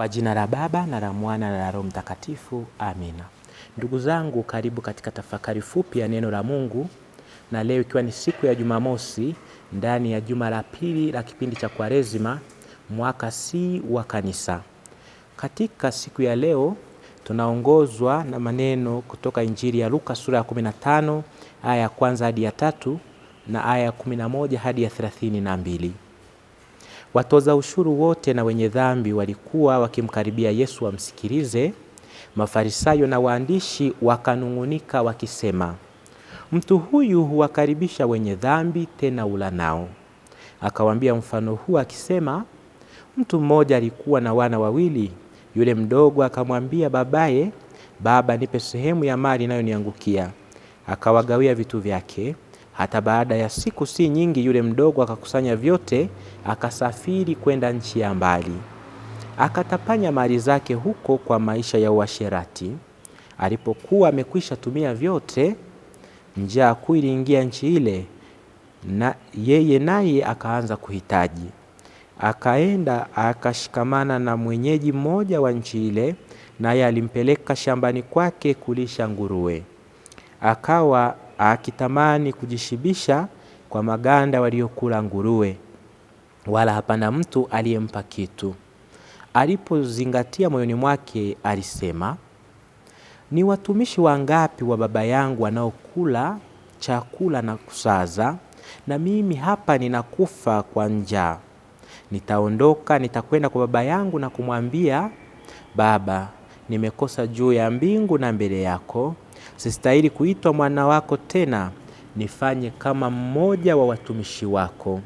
Kwa jina la Baba na la Mwana na la Roho Mtakatifu, amina. Ndugu zangu, karibu katika tafakari fupi ya neno la Mungu, na leo ikiwa ni siku ya Jumamosi ndani ya juma la pili la kipindi cha Kwaresima, mwaka C wa Kanisa. Katika siku ya leo tunaongozwa na maneno kutoka Injili ya Luka sura ya 15 aya ya kwanza hadi ya tatu na aya ya 11 hadi ya 32. Watoza ushuru wote na wenye dhambi walikuwa wakimkaribia Yesu wamsikilize. Mafarisayo na waandishi wakanung'unika wakisema, mtu huyu huwakaribisha wenye dhambi, tena ula nao. Akawaambia mfano huu akisema, mtu mmoja alikuwa na wana wawili. Yule mdogo akamwambia babaye, Baba, nipe sehemu ya mali inayoniangukia. Akawagawia vitu vyake. Hata baada ya siku si nyingi, yule mdogo akakusanya vyote, akasafiri kwenda nchi ya mbali, akatapanya mali zake huko kwa maisha ya uasherati. Alipokuwa amekwisha tumia vyote, njaa kuu iliingia nchi ile, na yeye naye akaanza kuhitaji. Akaenda akashikamana na mwenyeji mmoja wa nchi ile, naye alimpeleka shambani kwake kulisha nguruwe. Akawa akitamani kujishibisha kwa maganda waliokula nguruwe, wala hapana mtu aliyempa kitu. Alipozingatia moyoni mwake, alisema, ni watumishi wangapi wa baba yangu wanaokula chakula na kusaza, na mimi hapa ninakufa kwa njaa. Nitaondoka, nitakwenda kwa baba yangu na kumwambia, Baba, nimekosa juu ya mbingu na mbele yako sistahili kuitwa mwana wako tena, nifanye kama mmoja wa watumishi wako.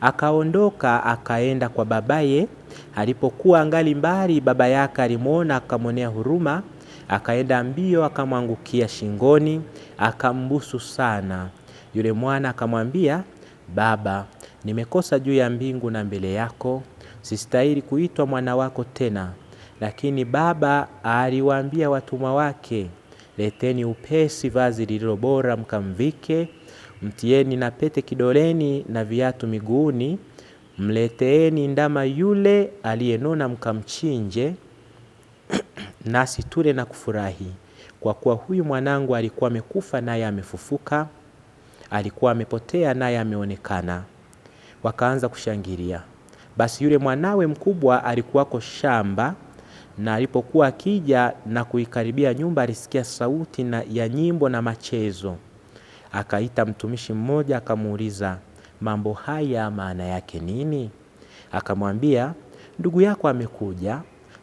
Akaondoka akaenda kwa babaye. Alipokuwa angali mbali, baba yake alimwona, akamwonea huruma, akaenda mbio, akamwangukia shingoni, akambusu sana. Yule mwana akamwambia, Baba, nimekosa juu ya mbingu na mbele yako, sistahili kuitwa mwana wako tena. Lakini baba aliwaambia watumwa wake, Leteni upesi vazi lililo bora mkamvike, mtieni na pete kidoleni na viatu miguuni. Mleteeni ndama yule aliyenona mkamchinje, nasi tule na kufurahi, kwa kuwa huyu mwanangu alikuwa amekufa naye amefufuka, alikuwa amepotea naye ameonekana. Wakaanza kushangilia. Basi yule mwanawe mkubwa alikuwako shamba na alipokuwa akija na kuikaribia nyumba alisikia sauti na ya nyimbo na machezo. Akaita mtumishi mmoja akamuuliza, mambo haya maana yake nini? Akamwambia, ndugu yako amekuja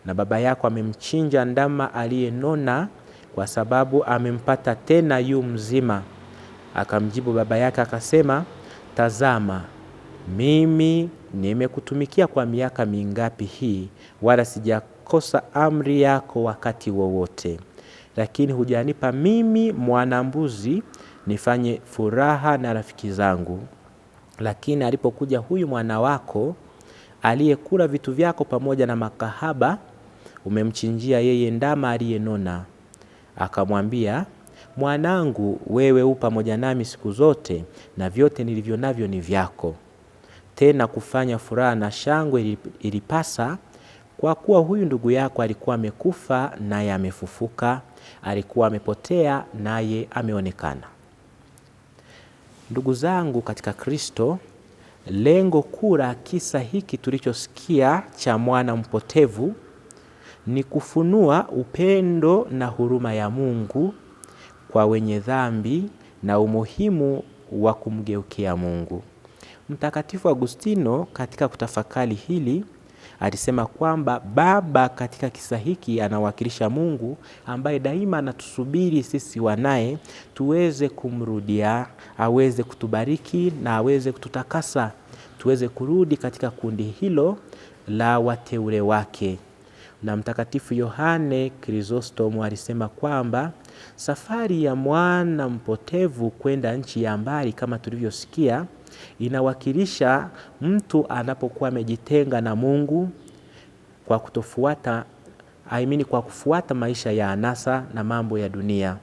na baba yako amemchinja ndama aliyenona kwa sababu amempata tena yu mzima. Akamjibu baba yake akasema, tazama mimi nimekutumikia kwa miaka mingapi hii, wala sija kukosa amri yako wakati wowote, lakini hujanipa mimi mwanambuzi nifanye furaha na rafiki zangu. Lakini alipokuja huyu mwana wako aliyekula vitu vyako pamoja na makahaba, umemchinjia yeye ndama aliyenona. Akamwambia, mwanangu, wewe u pamoja nami siku zote, na vyote nilivyo navyo ni vyako. Tena kufanya furaha na shangwe ilipasa kwa kuwa huyu ndugu yako alikuwa amekufa naye amefufuka, alikuwa amepotea naye ameonekana. Ndugu zangu katika Kristo, lengo kuu la kisa hiki tulichosikia cha mwana mpotevu ni kufunua upendo na huruma ya Mungu kwa wenye dhambi na umuhimu wa kumgeukia Mungu. Mtakatifu Agustino katika kutafakari hili alisema kwamba Baba katika kisa hiki anawakilisha Mungu ambaye daima anatusubiri sisi wanaye tuweze kumrudia, aweze kutubariki na aweze kututakasa tuweze kurudi katika kundi hilo la wateule wake. Na Mtakatifu Yohane Krizostomo alisema kwamba safari ya mwana mpotevu kwenda nchi ya mbali, kama tulivyosikia, Inawakilisha mtu anapokuwa amejitenga na Mungu kwa kutofuata I mean kwa kufuata maisha ya anasa na mambo ya dunia.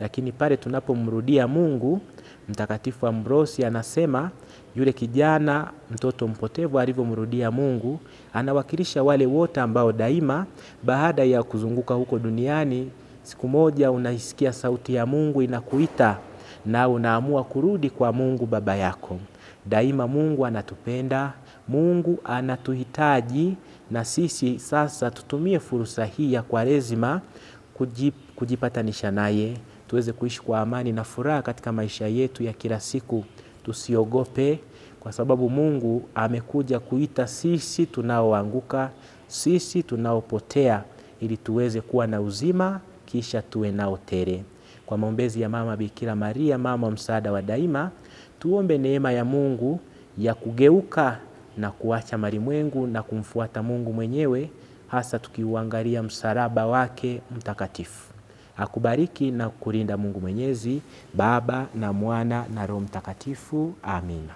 Lakini pale tunapomrudia Mungu, Mtakatifu Ambrosi anasema yule kijana mtoto mpotevu alivyomrudia Mungu, anawakilisha wale wote ambao daima baada ya kuzunguka huko duniani, siku moja unaisikia sauti ya Mungu inakuita na unaamua kurudi kwa Mungu Baba yako. Daima Mungu anatupenda, Mungu anatuhitaji, na sisi sasa tutumie fursa hii ya Kwaresima kujipatanisha naye, tuweze kuishi kwa amani na furaha katika maisha yetu ya kila siku. Tusiogope kwa sababu Mungu amekuja kuita sisi tunaoanguka, sisi tunaopotea, ili tuweze kuwa na uzima, kisha tuwe nao tele. Kwa maombezi ya Mama Bikira Maria, mama msaada wa daima Tuombe neema ya Mungu ya kugeuka na kuacha malimwengu na kumfuata Mungu mwenyewe hasa tukiuangalia msalaba wake mtakatifu. Akubariki na kulinda Mungu Mwenyezi, Baba na Mwana na Roho Mtakatifu. Amina.